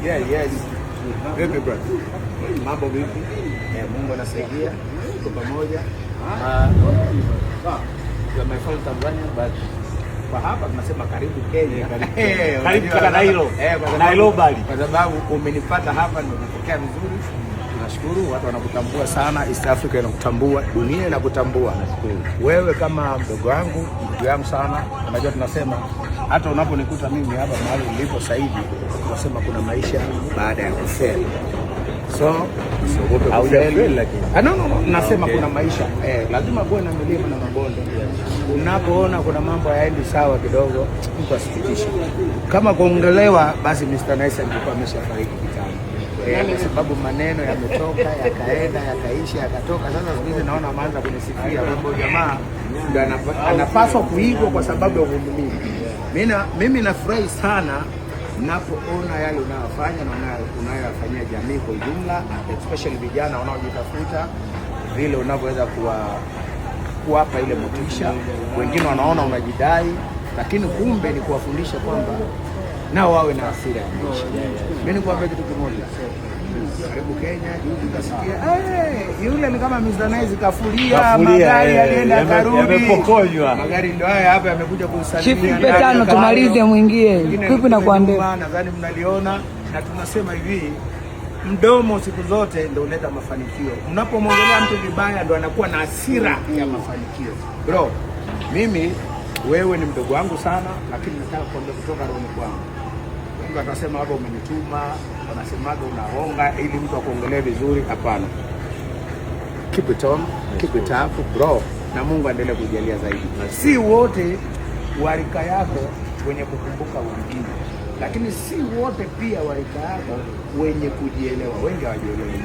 Yeah, yes. Vipi bro? Mambo vipi? Eh, Mungu anasaidia. Tuko pamoja. Ah, ah Tanzania but kwa hapa tunasema karibu Kenya. Eh, karibu eh, kwa Nairobi. Eh, Nairobi. Kwa sababu umenipata hapa nimepokea vizuri. Nashukuru watu wanakutambua sana, East Africa inakutambua, dunia inakutambua. Nashukuru. Wewe kama mdogo wangu, ndugu yangu sana. Unajua tunasema hata unaponikuta mimi hapa mahali nilipo sasa hivi, unasema kuna maisha baada ya kufeli. So kufeli lakini ah, no, no, no, nasema okay. Kuna maisha eh, lazima kuwe na milima na mabonde. Unapoona kuna mambo hayaendi sawa kidogo, mtu asikitishe. Kama kuongelewa, basi Mr. Nice angekuwa ameshafariki kitambo. Eh, kwa sababu maneno yametoka yakaenda yakaisha yakatoka. Sasa siku hizi naona ameanza kunisifia mambo, jamaa ndio anapaswa kuigwa kwa sababu ya uvumilivu. Mimi nafurahi sana napoona yale unayofanya na unayoyafanyia jamii kwa ujumla, especially vijana wanaojitafuta, vile unavyoweza kuwapa ile motisha. Wengine wanaona unajidai, lakini kumbe ni kuwafundisha kwamba nao wawe na asira ya maisha. Mimi nikuambia kitu kimoja karibu Kenya juzi kasikia hey, ah, eh, yule ni kama Mizanaizi kafulia, kafulia magari eh, yalienda hey, karudi yamepokonywa magari ndio haya hapa yamekuja kusalimia. Chifu tano tumalize, mwingie kipi na kuambia, nadhani mnaliona na tunasema hivi mdomo siku zote ndio huleta mafanikio. Mnapomwongelea mtu vibaya ndo anakuwa na hasira ya mafanikio. Bro, mimi wewe ni mdogo wangu sana, lakini nataka kuambia kutoka roho kwangu mtu atasema hapa umenituma, anasemaga unaonga ili mtu akuongelee vizuri. Hapana, keep it on, keep it up bro, na Mungu aendelee kujalia zaidi. Si wote warika yako wenye kukumbuka wengine, lakini si wote pia warika yako wenye kujielewa. Wengi hawajielewi,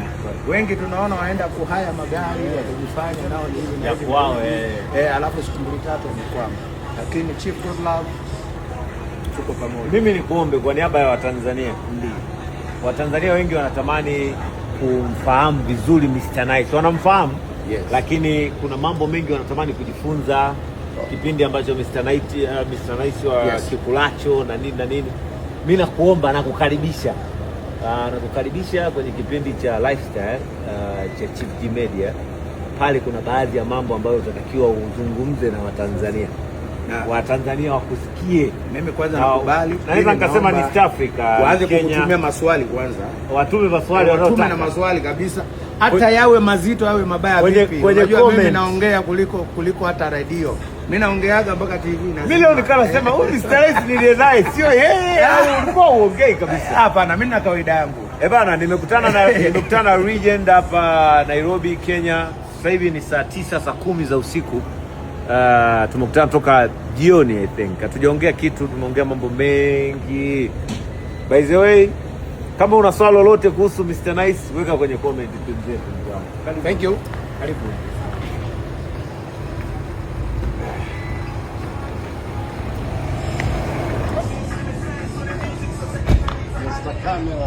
wengi tunaona waenda kuhaya magari kujifanya nao eh. Eh, alafu siku mbili tatu ni kwamba, lakini Chief love tuko pamoja. Mimi ni kuombe kwa niaba ya Watanzania. Ndiyo. Watanzania wengi wanatamani kumfahamu vizuri Mr. Nice. Wanamfahamu? Yes. Lakini kuna mambo mengi wanatamani kujifunza kipindi ambacho Mr. Nice, uh, Mr. Nice wa yes. Kikulacho na nini na nini. Mimi nakuomba nakukaribisha ah, kukaribisha uh, kwenye kipindi cha lifestyle uh, cha Chief G Media. Pale kuna baadhi ya mambo ambayo utatakiwa uzungumze na Watanzania yeah. Watanzania wakusikie. Mimi kwanza nakubali, naweza nikasema ni East Africa, waanze kutumia maswali kwanza, watume maswali wanaotaka na maswali kabisa, hata yawe mazito yawe mabaya vipi. Unajua mimi naongea kuliko kuliko hata redio mimi naongeaga mpaka TV na mimi leo nikala sema huyu ni stress ni naye sio yeye, au yaani ulikuwa uongei kabisa? Hapana, mimi na kawaida yangu. Eh bana, nimekutana na nimekutana Regent hapa Nairobi, Kenya. Sasa hivi ni saa tisa saa kumi za usiku. Uh, tumekutana toka jioni I think, hatujaongea kitu, tumeongea mambo mengi. By the way, kama una swala lolote kuhusu Mr Nice weka kwenye comment. Thank you. Karibu. Mr. Camera.